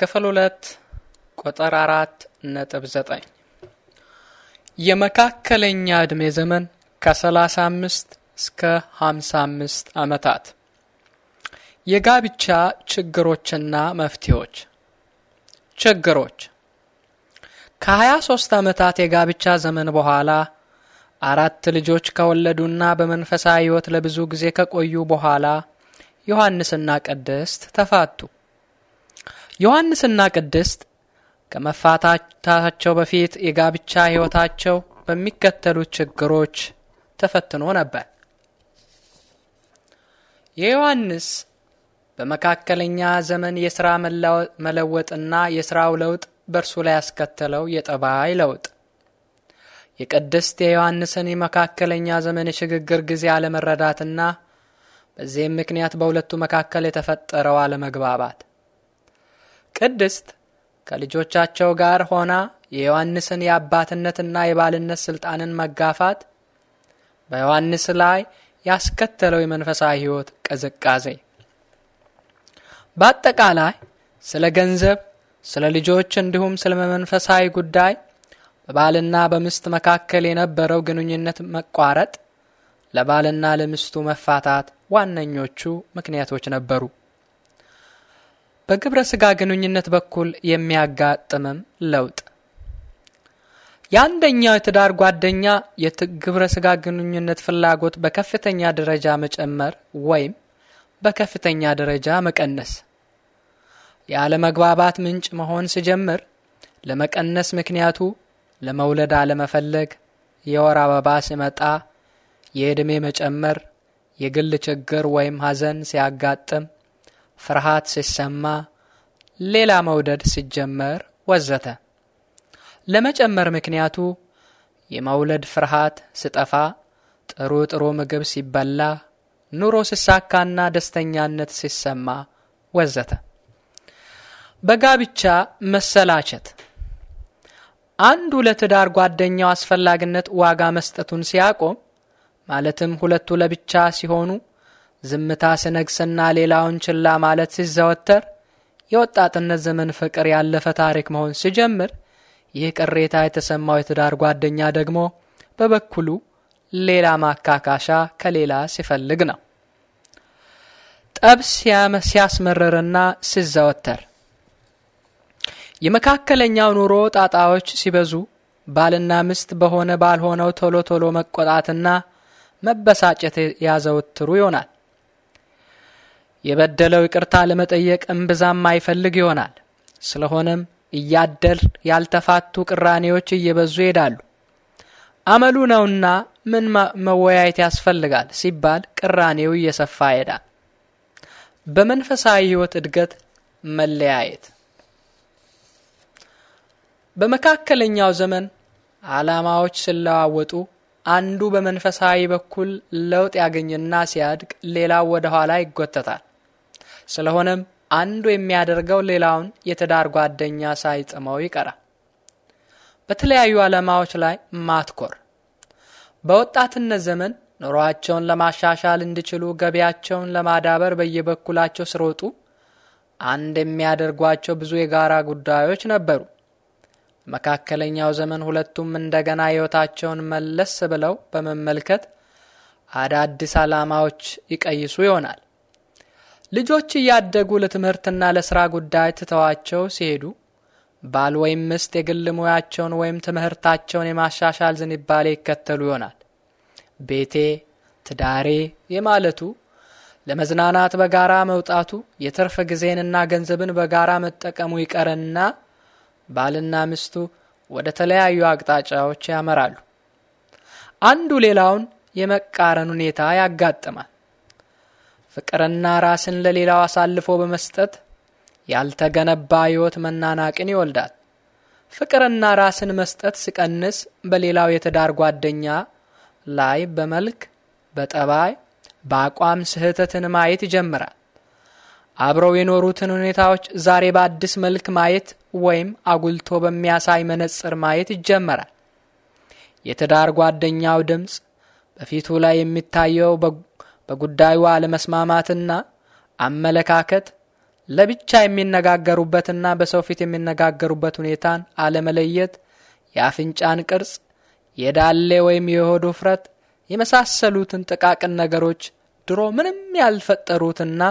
ክፍል ሁለት ቁጥር አራት ነጥብ ዘጠኝ የመካከለኛ ዕድሜ ዘመን ከ35 እስከ 55 አመታት የጋብቻ ችግሮችና መፍትሄዎች ችግሮች ከ 2 ሶስት አመታት የጋብቻ ዘመን በኋላ አራት ልጆች ከወለዱና በመንፈሳዊ ህይወት ለብዙ ጊዜ ከቆዩ በኋላ ዮሐንስና ቅድስት ተፋቱ። ዮሐንስና ቅድስት ከመፋታታቸው በፊት የጋብቻ ሕይወታቸው በሚከተሉት ችግሮች ተፈትኖ ነበር። የዮሐንስ በመካከለኛ ዘመን የሥራ መለወጥና የሥራው ለውጥ በእርሱ ላይ ያስከተለው የጠባይ ለውጥ የቅድስት የዮሐንስን የመካከለኛ ዘመን የሽግግር ጊዜ አለመረዳትና በዚህም ምክንያት በሁለቱ መካከል የተፈጠረው አለመግባባት ቅድስት ከልጆቻቸው ጋር ሆና የዮሐንስን የአባትነትና የባልነት ስልጣንን መጋፋት በዮሐንስ ላይ ያስከተለው የመንፈሳዊ ሕይወት ቅዝቃዜ በአጠቃላይ ስለ ገንዘብ፣ ስለ ልጆች እንዲሁም ስለ መንፈሳዊ ጉዳይ በባልና በምስት መካከል የነበረው ግንኙነት መቋረጥ ለባልና ለምስቱ መፋታት ዋነኞቹ ምክንያቶች ነበሩ። በግብረ ስጋ ግንኙነት በኩል የሚያጋጥምም ለውጥ የአንደኛው የትዳር ጓደኛ የግብረ ስጋ ግንኙነት ፍላጎት በከፍተኛ ደረጃ መጨመር ወይም በከፍተኛ ደረጃ መቀነስ የአለመግባባት ምንጭ መሆን ሲጀምር ለመቀነስ ምክንያቱ ለመውለድ አለመፈለግ፣ የወር አበባ ሲመጣ፣ የዕድሜ መጨመር፣ የግል ችግር ወይም ሐዘን ሲያጋጥም ፍርሃት ሲሰማ፣ ሌላ መውደድ ሲጀመር ወዘተ። ለመጨመር ምክንያቱ የመውለድ ፍርሃት ስጠፋ፣ ጥሩ ጥሩ ምግብ ሲበላ፣ ኑሮ ሲሳካና ደስተኛነት ሲሰማ ወዘተ። በጋብቻ መሰላቸት አንዱ ለትዳር ጓደኛው አስፈላጊነት ዋጋ መስጠቱን ሲያቆም ማለትም ሁለቱ ለብቻ ሲሆኑ ዝምታ ሲነግስና ሌላውን ችላ ማለት ሲዘወተር የወጣትነት ዘመን ፍቅር ያለፈ ታሪክ መሆን ሲጀምር ይህ ቅሬታ የተሰማው የትዳር ጓደኛ ደግሞ በበኩሉ ሌላ ማካካሻ ከሌላ ሲፈልግ ነው። ጠብ ሲያስመርርና ሲዘወተር የመካከለኛው ኑሮ ጣጣዎች ሲበዙ ባልና ሚስት በሆነ ባልሆነው ቶሎ ቶሎ መቆጣትና መበሳጨት ያዘወትሩ ይሆናል። የበደለው ይቅርታ ለመጠየቅ እምብዛም አይፈልግ ይሆናል። ስለሆነም እያደር ያልተፋቱ ቅራኔዎች እየበዙ ይሄዳሉ። አመሉ ነውና ምን መወያየት ያስፈልጋል ሲባል ቅራኔው እየሰፋ ይሄዳል። በመንፈሳዊ ሕይወት እድገት መለያየት በመካከለኛው ዘመን ዓላማዎች ሲለዋወጡ አንዱ በመንፈሳዊ በኩል ለውጥ ያገኝና ሲያድግ ሌላው ወደ ኋላ ይጎተታል። ስለሆነም አንዱ የሚያደርገው ሌላውን የትዳር ጓደኛ ሳይጥመው ይቀራል። በተለያዩ ዓላማዎች ላይ ማትኮር በወጣትነት ዘመን ኑሯቸውን ለማሻሻል እንዲችሉ ገቢያቸውን ለማዳበር በየበኩላቸው ስሮጡ አንድ የሚያደርጓቸው ብዙ የጋራ ጉዳዮች ነበሩ። መካከለኛው ዘመን ሁለቱም እንደገና ሕይወታቸውን መለስ ብለው በመመልከት አዳዲስ ዓላማዎች ይቀይሱ ይሆናል። ልጆች እያደጉ ለትምህርትና ለሥራ ጉዳይ ትተዋቸው ሲሄዱ ባል ወይም ምስት የግል ሙያቸውን ወይም ትምህርታቸውን የማሻሻል ዝንባሌ ይከተሉ ይሆናል። ቤቴ፣ ትዳሬ የማለቱ ለመዝናናት በጋራ መውጣቱ የትርፍ ጊዜንና ገንዘብን በጋራ መጠቀሙ ይቀርና ባልና ምስቱ ወደ ተለያዩ አቅጣጫዎች ያመራሉ። አንዱ ሌላውን የመቃረን ሁኔታ ያጋጥማል። ፍቅርና ራስን ለሌላው አሳልፎ በመስጠት ያልተገነባ ሕይወት መናናቅን ይወልዳል። ፍቅርና ራስን መስጠት ሲቀንስ በሌላው የትዳር ጓደኛ ላይ በመልክ፣ በጠባይ፣ በአቋም ስህተትን ማየት ይጀምራል። አብረው የኖሩትን ሁኔታዎች ዛሬ በአዲስ መልክ ማየት ወይም አጉልቶ በሚያሳይ መነጽር ማየት ይጀመራል። የትዳር ጓደኛው ድምፅ በፊቱ ላይ የሚታየው በጉዳዩ አለመስማማትና አመለካከት ለብቻ የሚነጋገሩበትና በሰው ፊት የሚነጋገሩበት ሁኔታን አለመለየት፣ የአፍንጫን ቅርጽ፣ የዳሌ ወይም የሆድ ውፍረት የመሳሰሉትን ጥቃቅን ነገሮች ድሮ ምንም ያልፈጠሩትና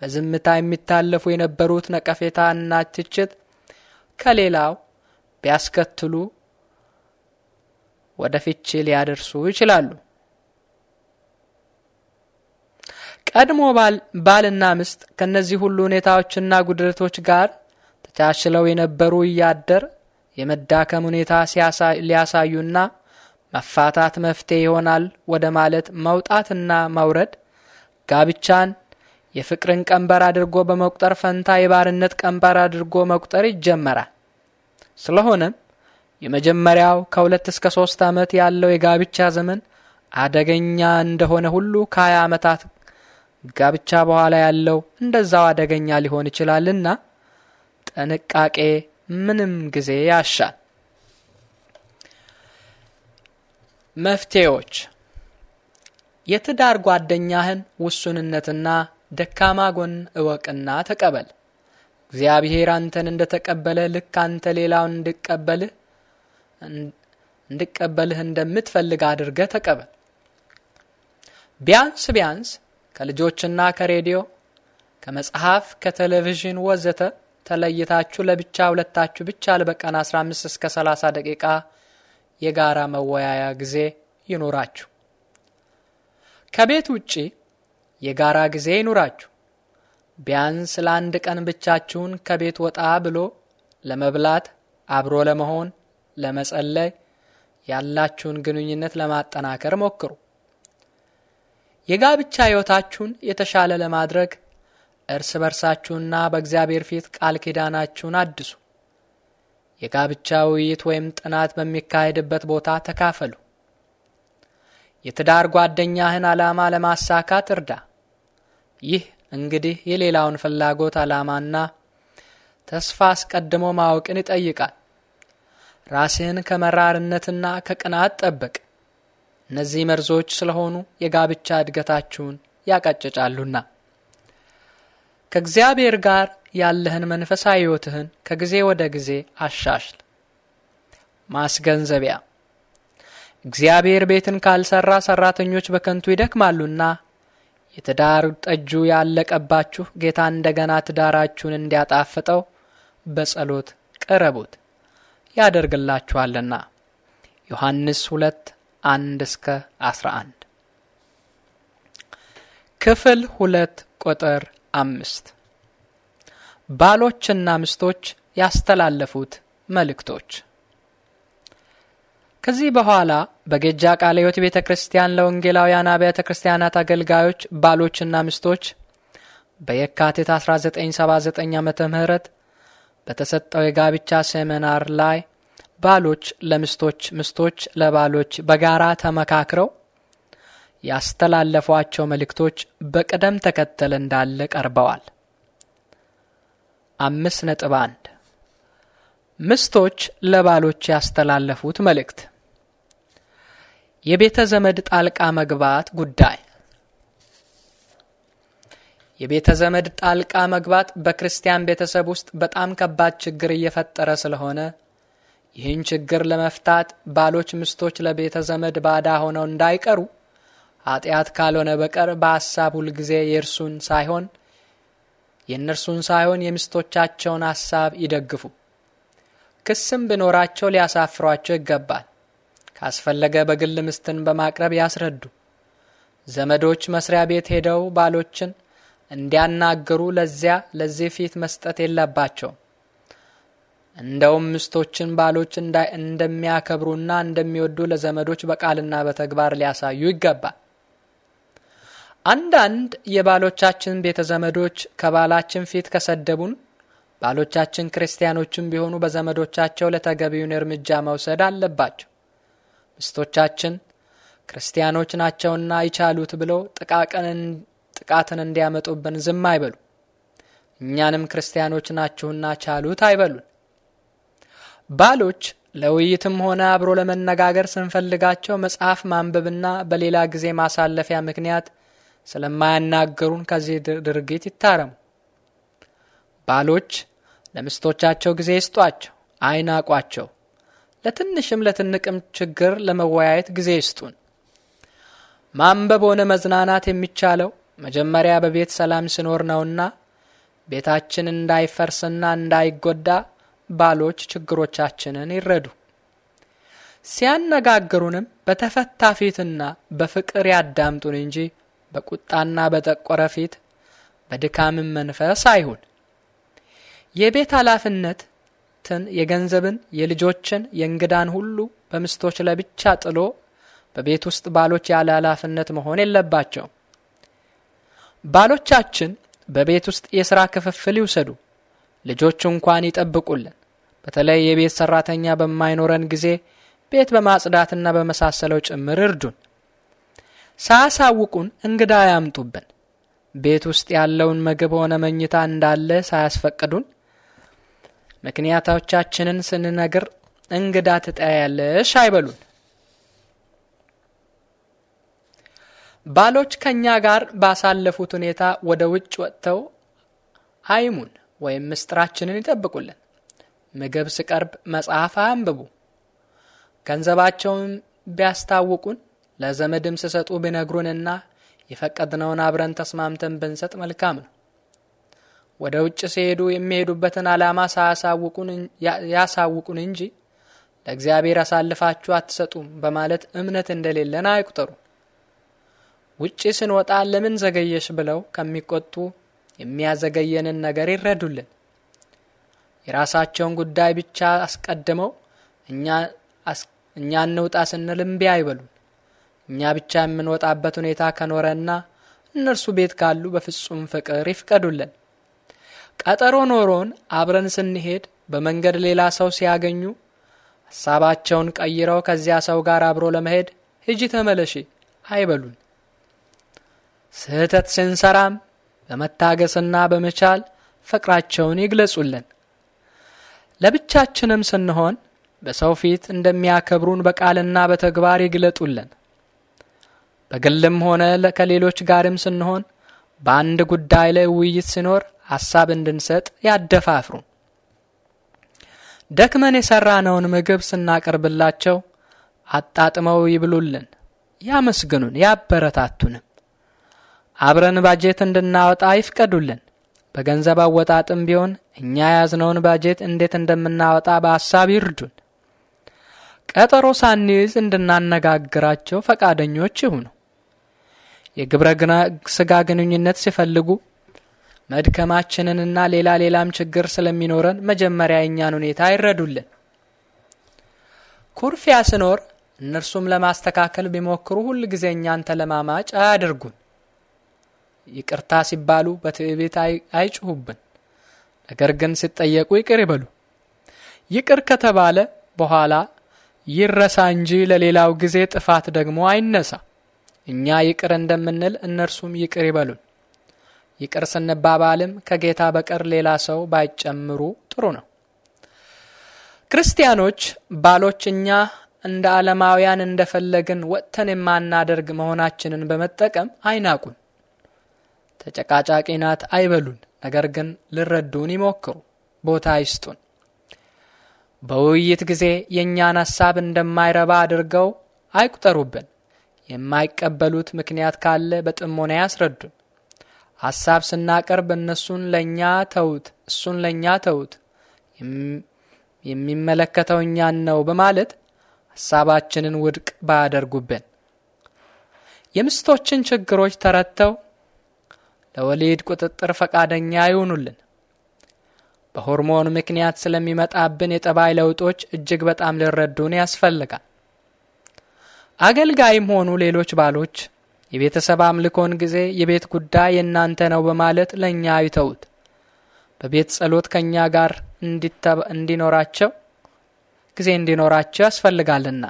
በዝምታ የሚታለፉ የነበሩት ነቀፌታና ትችት ከሌላው ቢያስከትሉ ወደ ፍቺ ሊያደርሱ ይችላሉ። ቀድሞ ባልና ምስት ከእነዚህ ሁሉ ሁኔታዎችና ጉድለቶች ጋር ተቻችለው የነበሩ እያደር የመዳከም ሁኔታ ሊያሳዩና መፋታት መፍትሄ ይሆናል ወደ ማለት መውጣትና መውረድ ጋብቻን የፍቅርን ቀንበር አድርጎ በመቁጠር ፈንታ የባርነት ቀንበር አድርጎ መቁጠር ይጀመራል። ስለሆነም የመጀመሪያው ከሁለት እስከ ሶስት ዓመት ያለው የጋብቻ ዘመን አደገኛ እንደሆነ ሁሉ ከሀያ ዓመታት ጋብቻ በኋላ ያለው እንደዛው አደገኛ ሊሆን ይችላልና ጥንቃቄ ምንም ጊዜ ያሻል። መፍትሄዎች የትዳር ጓደኛህን ውሱንነትና ደካማ ጎን እወቅና ተቀበል። እግዚአብሔር አንተን እንደ ተቀበለ ልክ አንተ ሌላውን እንድቀበልህ እንድቀበልህ እንደምትፈልግ አድርገህ ተቀበል። ቢያንስ ቢያንስ ከልጆችና ከሬዲዮ ከመጽሐፍ ከቴሌቪዥን ወዘተ ተለይታችሁ ለብቻ ሁለታችሁ ብቻ ለበቀን 15 እስከ 30 ደቂቃ የጋራ መወያያ ጊዜ ይኑራችሁ። ከቤት ውጪ የጋራ ጊዜ ይኑራችሁ። ቢያንስ ለአንድ ቀን ብቻችሁን ከቤት ወጣ ብሎ ለመብላት፣ አብሮ ለመሆን፣ ለመጸለይ ያላችሁን ግንኙነት ለማጠናከር ሞክሩ። የጋብቻ ሕይወታችሁን የተሻለ ለማድረግ እርስ በርሳችሁና በእግዚአብሔር ፊት ቃል ኪዳናችሁን አድሱ። የጋብቻ ውይይት ወይም ጥናት በሚካሄድበት ቦታ ተካፈሉ። የትዳር ጓደኛህን ዓላማ ለማሳካት እርዳ። ይህ እንግዲህ የሌላውን ፍላጎት ዓላማና ተስፋ አስቀድሞ ማወቅን ይጠይቃል። ራስህን ከመራርነትና ከቅናት ጠብቅ። እነዚህ መርዞች ስለሆኑ የጋብቻ እድገታችሁን ያቀጭጫሉና ከእግዚአብሔር ጋር ያለህን መንፈሳዊ ሕይወትህን ከጊዜ ወደ ጊዜ አሻሽል። ማስገንዘቢያ እግዚአብሔር ቤትን ካልሰራ ሰራተኞች በከንቱ ይደክማሉና የትዳር ጠጁ ያለቀባችሁ ጌታ እንደገና ትዳራችሁን እንዲያጣፍጠው በጸሎት ቅረቡት ያደርግላችኋልና ዮሐንስ ሁለት አንድ እስከ 11 ክፍል ሁለት ቁጥር አምስት ባሎችና ሚስቶች ያስተላለፉት መልእክቶች ከዚህ በኋላ በገጃ ቃለ ሕይወት ቤተ ክርስቲያን ለወንጌላውያን አብያተ ክርስቲያናት አገልጋዮች ባሎችና ሚስቶች በየካቲት 1979 ዓመተ በተሰጠው የጋብቻ ሴሚናር ላይ ባሎች ለሚስቶች፣ ሚስቶች ለባሎች በጋራ ተመካክረው ያስተላለፏቸው መልእክቶች በቅደም ተከተል እንዳለ ቀርበዋል። አምስት ነጥብ አንድ ምስቶች ለባሎች ያስተላለፉት መልእክት የቤተ ዘመድ ጣልቃ መግባት ጉዳይ የቤተ ዘመድ ጣልቃ መግባት በክርስቲያን ቤተሰብ ውስጥ በጣም ከባድ ችግር እየፈጠረ ስለሆነ ይህን ችግር ለመፍታት ባሎች ምስቶች ለቤተ ዘመድ ባዳ ሆነው እንዳይቀሩ ኃጢአት ካልሆነ በቀር በሐሳብ ሁልጊዜ የእርሱን ሳይሆን የእነርሱን ሳይሆን የምስቶቻቸውን ሐሳብ ይደግፉ። ክስም ቢኖራቸው ሊያሳፍሯቸው ይገባል። ካስፈለገ በግል ምስትን በማቅረብ ያስረዱ። ዘመዶች መስሪያ ቤት ሄደው ባሎችን እንዲያናግሩ ለዚያ ለዚህ ፊት መስጠት የለባቸውም። እንደውም ሚስቶችን ባሎች እንደሚያከብሩና እንደሚወዱ ለዘመዶች በቃልና በተግባር ሊያሳዩ ይገባል። አንዳንድ የባሎቻችን ቤተ ዘመዶች ከባላችን ፊት ከሰደቡን ባሎቻችን ክርስቲያኖችም ቢሆኑ በዘመዶቻቸው ለተገቢውን እርምጃ መውሰድ አለባቸው። ሚስቶቻችን ክርስቲያኖች ናቸውና ይቻሉት ብለው ጥቃትን እንዲያመጡብን ዝም አይበሉ። እኛንም ክርስቲያኖች ናችሁና ቻሉት አይበሉን። ባሎች ለውይይትም ሆነ አብሮ ለመነጋገር ስንፈልጋቸው መጽሐፍ ማንበብና በሌላ ጊዜ ማሳለፊያ ምክንያት ስለማያናገሩን ከዚህ ድርጊት ይታረሙ። ባሎች ለምስቶቻቸው ጊዜ ይስጧቸው፣ አይናቋቸው። ለትንሽም ለትንቅም ችግር ለመወያየት ጊዜ ይስጡን። ማንበብ ሆነ መዝናናት የሚቻለው መጀመሪያ በቤት ሰላም ሲኖር ነውና ቤታችን እንዳይፈርስና እንዳይጎዳ ባሎች ችግሮቻችንን ይረዱ። ሲያነጋግሩንም በተፈታ ፊትና በፍቅር ያዳምጡን እንጂ በቁጣና በጠቆረ ፊት በድካምም መንፈስ አይሁን። የቤት ኃላፊነትን የገንዘብን፣ የልጆችን፣ የእንግዳን ሁሉ በምስቶች ላይ ብቻ ጥሎ በቤት ውስጥ ባሎች ያለ ኃላፊነት መሆን የለባቸው። ባሎቻችን በቤት ውስጥ የሥራ ክፍፍል ይውሰዱ። ልጆቹ እንኳን ይጠብቁልን። በተለይ የቤት ሰራተኛ በማይኖረን ጊዜ ቤት በማጽዳትና በመሳሰለው ጭምር እርዱን። ሳያሳውቁን እንግዳ አያምጡብን። ቤት ውስጥ ያለውን ምግብ ሆነ መኝታ እንዳለ ሳያስፈቅዱን ምክንያቶቻችንን ስንነግር እንግዳ ትጠያለሽ አይበሉን። ባሎች ከእኛ ጋር ባሳለፉት ሁኔታ ወደ ውጭ ወጥተው አይሙን። ወይም ምስጢራችንን ይጠብቁልን። ምግብ ስቀርብ መጽሐፍ አያንብቡ። ገንዘባቸውን ቢያስታውቁን ለዘመድም ስሰጡ ቢነግሩንና የፈቀድነውን አብረን ተስማምተን ብንሰጥ መልካም ነው። ወደ ውጭ ሲሄዱ የሚሄዱበትን ዓላማ ያሳውቁን እንጂ ለእግዚአብሔር አሳልፋችሁ አትሰጡም በማለት እምነት እንደሌለን አይቁጠሩ። ውጪ ስንወጣ ለምን ዘገየሽ ብለው ከሚቆጡ የሚያዘገየንን ነገር ይረዱልን። የራሳቸውን ጉዳይ ብቻ አስቀድመው እኛ እንውጣ ስንል እምቢ አይበሉን። እኛ ብቻ የምንወጣበት ሁኔታ ከኖረና እነርሱ ቤት ካሉ በፍጹም ፍቅር ይፍቀዱልን። ቀጠሮ ኖሮን አብረን ስንሄድ በመንገድ ሌላ ሰው ሲያገኙ ሀሳባቸውን ቀይረው ከዚያ ሰው ጋር አብሮ ለመሄድ ሂጂ ተመለሺ አይበሉን። ስህተት ስንሰራም በመታገስና በመቻል ፍቅራቸውን ይግለጹልን። ለብቻችንም ስንሆን በሰው ፊት እንደሚያከብሩን በቃልና በተግባር ይግለጡልን። በግልም ሆነ ከሌሎች ጋርም ስንሆን በአንድ ጉዳይ ላይ ውይይት ሲኖር ሐሳብ እንድንሰጥ ያደፋፍሩ ደክመን የሠራነውን ምግብ ስናቀርብላቸው አጣጥመው ይብሉልን፣ ያመስግኑን፣ ያበረታቱንም። አብረን ባጀት እንድናወጣ ይፍቀዱልን። በገንዘብ አወጣጥም ቢሆን እኛ የያዝነውን ባጀት እንዴት እንደምናወጣ በሐሳብ ይርዱን። ቀጠሮ ሳንይዝ እንድናነጋግራቸው ፈቃደኞች ይሁኑ። የግብረ ስጋ ግንኙነት ሲፈልጉ መድከማችንንና ሌላ ሌላም ችግር ስለሚኖረን መጀመሪያ የእኛን ሁኔታ ይረዱልን። ኩርፊያ ስኖር እነርሱም ለማስተካከል ቢሞክሩ ሁል ጊዜ እኛን ተለማማጭ አያደርጉን። ይቅርታ ሲባሉ በትዕቢት አይጩሁብን፣ ነገር ግን ሲጠየቁ ይቅር ይበሉ። ይቅር ከተባለ በኋላ ይረሳ እንጂ ለሌላው ጊዜ ጥፋት ደግሞ አይነሳ። እኛ ይቅር እንደምንል እነርሱም ይቅር ይበሉን። ይቅር ስንባባልም ከጌታ በቀር ሌላ ሰው ባይጨምሩ ጥሩ ነው። ክርስቲያኖች ባሎች እኛ እንደ ዓለማውያን እንደፈለግን ወጥተን የማናደርግ መሆናችንን በመጠቀም አይናቁን። ተጨቃጫቂ ናት አይበሉን፣ ነገር ግን ልረዱን ይሞክሩ፣ ቦታ ይስጡን! በውይይት ጊዜ የእኛን ሐሳብ እንደማይረባ አድርገው አይቁጠሩብን። የማይቀበሉት ምክንያት ካለ በጥሞና ያስረዱን። ሐሳብ ስናቀርብ እነሱን ለእኛ ተዉት፣ እሱን ለእኛ ተዉት፣ የሚመለከተው እኛን ነው በማለት ሐሳባችንን ውድቅ ባያደርጉብን። የምስቶችን ችግሮች ተረድተው ለወሊድ ቁጥጥር ፈቃደኛ ይሆኑልን። በሆርሞን ምክንያት ስለሚመጣብን የጠባይ ለውጦች እጅግ በጣም ሊረዱን ያስፈልጋል። አገልጋይም ሆኑ ሌሎች ባሎች የቤተሰብ አምልኮን ጊዜ የቤት ጉዳይ የእናንተ ነው በማለት ለእኛ ይተውት። በቤት ጸሎት ከእኛ ጋር እንዲኖራቸው ጊዜ እንዲኖራቸው ያስፈልጋልና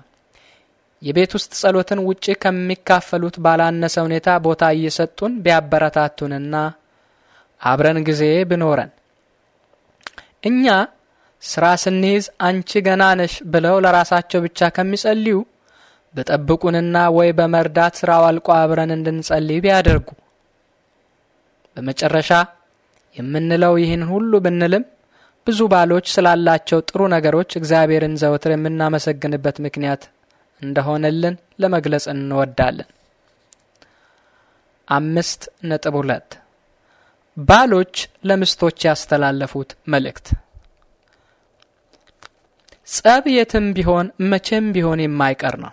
የቤት ውስጥ ጸሎትን ውጪ ከሚካፈሉት ባላነሰ ሁኔታ ቦታ እየሰጡን ቢያበረታቱንና አብረን ጊዜ ብኖረን እኛ ስራ ስንይዝ አንቺ ገና ነሽ ብለው ለራሳቸው ብቻ ከሚጸልዩ በጠብቁንና ወይ በመርዳት ስራው አልቆ አብረን እንድንጸልይ ቢያደርጉ። በመጨረሻ የምንለው ይህን ሁሉ ብንልም ብዙ ባሎች ስላላቸው ጥሩ ነገሮች እግዚአብሔርን ዘወትር የምናመሰግንበት ምክንያት እንደሆነልን ለመግለጽ እንወዳለን። አምስት ነጥብ ሁለት ባሎች ለምስቶች ያስተላለፉት መልእክት ጸብ የትም ቢሆን መቼም ቢሆን የማይቀር ነው።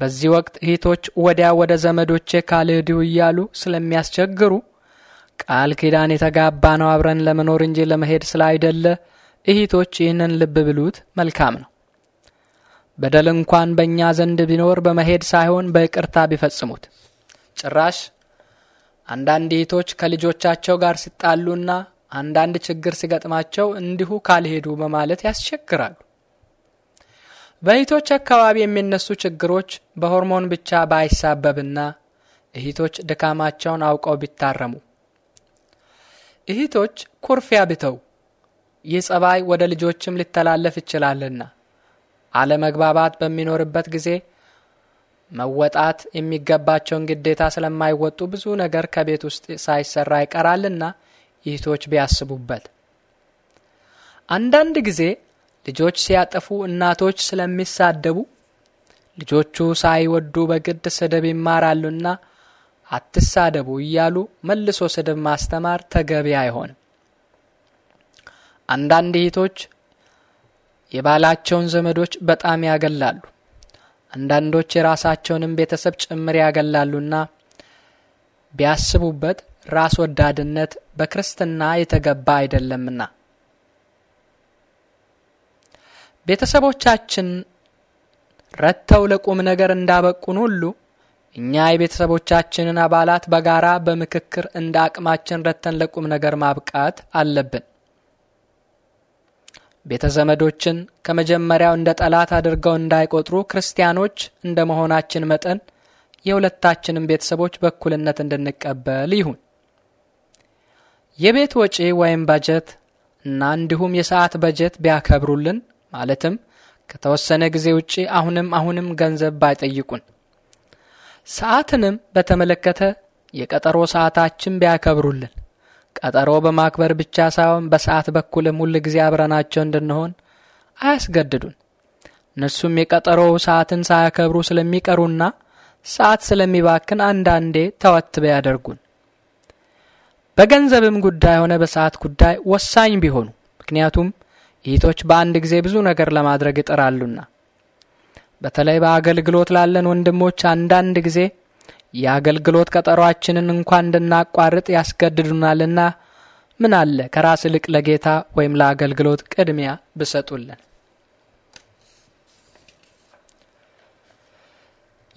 በዚህ ወቅት እህቶች ወዲያ ወደ ዘመዶቼ ካልሄድሁ እያሉ ስለሚያስቸግሩ ቃል ኪዳን የተጋባ ነው አብረን ለመኖር እንጂ ለመሄድ ስላይደለ እህቶች ይህንን ልብ ብሉት መልካም ነው። በደል እንኳን በእኛ ዘንድ ቢኖር በመሄድ ሳይሆን በይቅርታ ቢፈጽሙት። ጭራሽ አንዳንድ እህቶች ከልጆቻቸው ጋር ሲጣሉና አንዳንድ ችግር ሲገጥማቸው እንዲሁ ካልሄዱ በማለት ያስቸግራሉ። በእህቶች አካባቢ የሚነሱ ችግሮች በሆርሞን ብቻ ባይሳበብና እህቶች ድካማቸውን አውቀው ቢታረሙ፣ እህቶች ኩርፊያ ብተው ይህ ጸባይ ወደ ልጆችም ሊተላለፍ ይችላልና አለመግባባት በሚኖርበት ጊዜ መወጣት የሚገባቸውን ግዴታ ስለማይወጡ ብዙ ነገር ከቤት ውስጥ ሳይሰራ ይቀራልና ይህቶች ቢያስቡበት። አንዳንድ ጊዜ ልጆች ሲያጠፉ እናቶች ስለሚሳደቡ ልጆቹ ሳይወዱ በግድ ስድብ ይማራሉና አትሳደቡ እያሉ መልሶ ስድብ ማስተማር ተገቢ አይሆንም። አንዳንድ እህቶች የባላቸውን ዘመዶች በጣም ያገላሉ። አንዳንዶች የራሳቸውንም ቤተሰብ ጭምር ያገላሉና ቢያስቡበት ራስ ወዳድነት በክርስትና የተገባ አይደለምና ቤተሰቦቻችን ረተው ለቁም ነገር እንዳበቁን ሁሉ እኛ የቤተሰቦቻችንን አባላት በጋራ በምክክር እንደ አቅማችን ረተን ለቁም ነገር ማብቃት አለብን። ቤተ ዘመዶችን ከመጀመሪያው እንደ ጠላት አድርገው እንዳይቆጥሩ ክርስቲያኖች እንደ መሆናችን መጠን የሁለታችንም ቤተሰቦች በእኩልነት እንድንቀበል ይሁን። የቤት ወጪ ወይም በጀት እና እንዲሁም የሰዓት በጀት ቢያከብሩልን ማለትም ከተወሰነ ጊዜ ውጪ አሁንም አሁንም ገንዘብ ባይጠይቁን። ሰዓትንም በተመለከተ የቀጠሮ ሰዓታችን ቢያከብሩልን ቀጠሮ በማክበር ብቻ ሳይሆን በሰዓት በኩልም ሁል ጊዜ አብረናቸው እንድንሆን አያስገድዱን። እነሱም የቀጠሮው ሰዓትን ሳያከብሩ ስለሚቀሩና ሰዓት ስለሚባክን አንዳንዴ ተወትበ ያደርጉን። በገንዘብም ጉዳይ ሆነ በሰዓት ጉዳይ ወሳኝ ቢሆኑ፣ ምክንያቱም ይህቶች በአንድ ጊዜ ብዙ ነገር ለማድረግ ይጥራሉና። በተለይ በአገልግሎት ላለን ወንድሞች አንዳንድ ጊዜ የአገልግሎት ቀጠሯችንን እንኳን እንድናቋርጥ ያስገድዱናልና ምን አለ ከራስ ይልቅ ለጌታ ወይም ለአገልግሎት ቅድሚያ ብሰጡልን።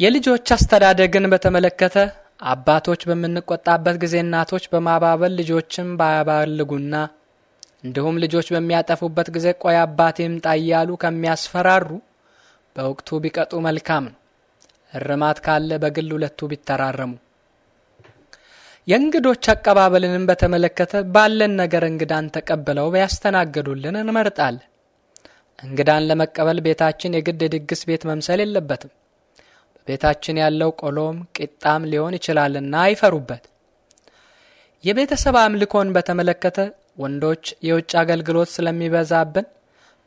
የልጆች አስተዳደግን በተመለከተ አባቶች በምንቆጣበት ጊዜ እናቶች በማባበል ልጆችን ባያባልጉና እንዲሁም ልጆች በሚያጠፉበት ጊዜ ቆይ አባቴ ይምጣ እያሉ ከሚያስፈራሩ በወቅቱ ቢቀጡ መልካም ነው። እርማት ካለ በግል ሁለቱ ቢተራረሙ። የእንግዶች አቀባበልንም በተመለከተ ባለን ነገር እንግዳን ተቀብለው ቢያስተናግዱልን እንመርጣለን። እንግዳን ለመቀበል ቤታችን የግድ የድግስ ቤት መምሰል የለበትም። በቤታችን ያለው ቆሎም ቂጣም ሊሆን ይችላልና አይፈሩበት። የቤተሰብ አምልኮን በተመለከተ ወንዶች የውጭ አገልግሎት ስለሚበዛብን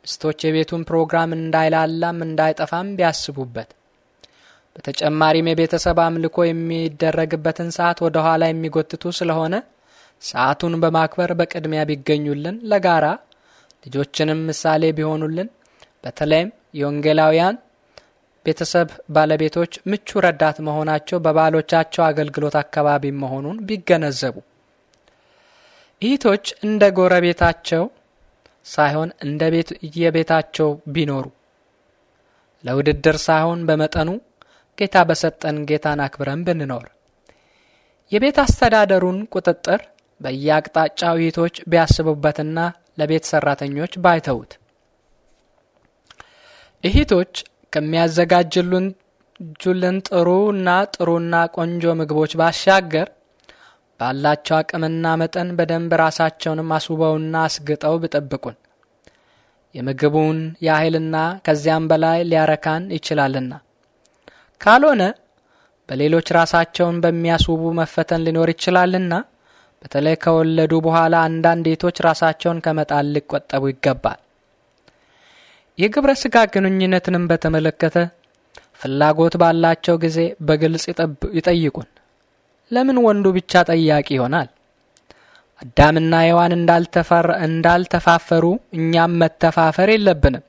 ምስቶች የቤቱን ፕሮግራም እንዳይላላም እንዳይጠፋም ቢያስቡበት። በተጨማሪም የቤተሰብ አምልኮ የሚደረግበትን ሰዓት ወደ ኋላ የሚጎትቱ ስለሆነ ሰዓቱን በማክበር በቅድሚያ ቢገኙልን ለጋራ ልጆችንም ምሳሌ ቢሆኑልን በተለይም የወንጌላውያን ቤተሰብ ባለቤቶች ምቹ ረዳት መሆናቸው በባሎቻቸው አገልግሎት አካባቢ መሆኑን ቢገነዘቡ እህቶች እንደ ጎረቤታቸው ሳይሆን እንደ የቤታቸው ቢኖሩ ለውድድር ሳይሆን በመጠኑ ጌታ በሰጠን ጌታን አክብረን ብንኖር የቤት አስተዳደሩን ቁጥጥር በየአቅጣጫው እህቶች ቢያስቡበትና ለቤት ሰራተኞች ባይተዉት። እህቶች ከሚያዘጋጅሉን ጥሩና ጥሩና ቆንጆ ምግቦች ባሻገር ባላቸው አቅምና መጠን በደንብ ራሳቸውንም አስውበውና አስግጠው ብጠብቁን። የምግቡን ያህልና ከዚያም በላይ ሊያረካን ይችላልና ካልሆነ በሌሎች ራሳቸውን በሚያስውቡ መፈተን ሊኖር ይችላልና በተለይ ከወለዱ በኋላ አንዳንድ ሴቶች ራሳቸውን ከመጣል ሊቆጠቡ ይገባል። የግብረ ስጋ ግንኙነትንም በተመለከተ ፍላጎት ባላቸው ጊዜ በግልጽ ይጠይቁን። ለምን ወንዱ ብቻ ጠያቂ ይሆናል? አዳምና ሔዋን እንዳልተፋፈሩ እኛም መተፋፈር የለብንም።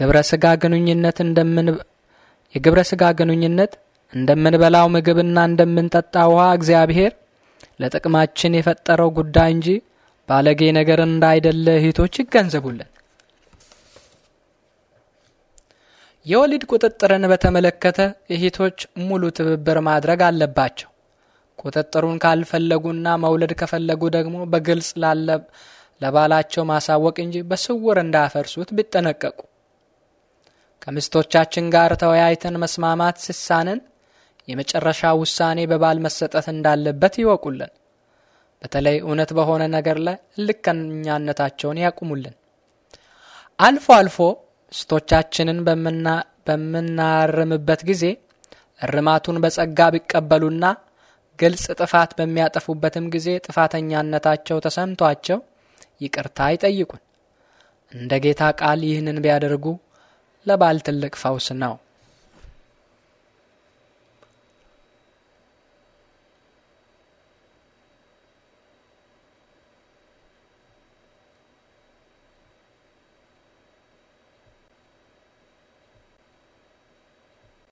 ግብረ ስጋ ግንኙነት እንደምን የግብረ ሥጋ ግንኙነት እንደምንበላው ምግብና እንደምንጠጣ ውሃ እግዚአብሔር ለጥቅማችን የፈጠረው ጉዳይ እንጂ ባለጌ ነገር እንዳይደለ እህቶች ይገንዘቡልን። የወሊድ ቁጥጥርን በተመለከተ እህቶች ሙሉ ትብብር ማድረግ አለባቸው። ቁጥጥሩን ካልፈለጉና መውለድ ከፈለጉ ደግሞ በግልጽ ላለ ለባላቸው ማሳወቅ እንጂ በስውር እንዳያፈርሱት ቢጠነቀቁ ከምስቶቻችን ጋር ተወያይተን መስማማት ሲሳንን የመጨረሻ ውሳኔ በባል መሰጠት እንዳለበት ይወቁልን። በተለይ እውነት በሆነ ነገር ላይ እልከኛነታቸውን ያቁሙልን። አልፎ አልፎ ምስቶቻችንን በምናርምበት ጊዜ እርማቱን በጸጋ ቢቀበሉና ግልጽ ጥፋት በሚያጠፉበትም ጊዜ ጥፋተኛነታቸው ተሰምቷቸው ይቅርታ ይጠይቁን። እንደ ጌታ ቃል ይህንን ቢያደርጉ ለባል ትልቅ ፈውስ ነው።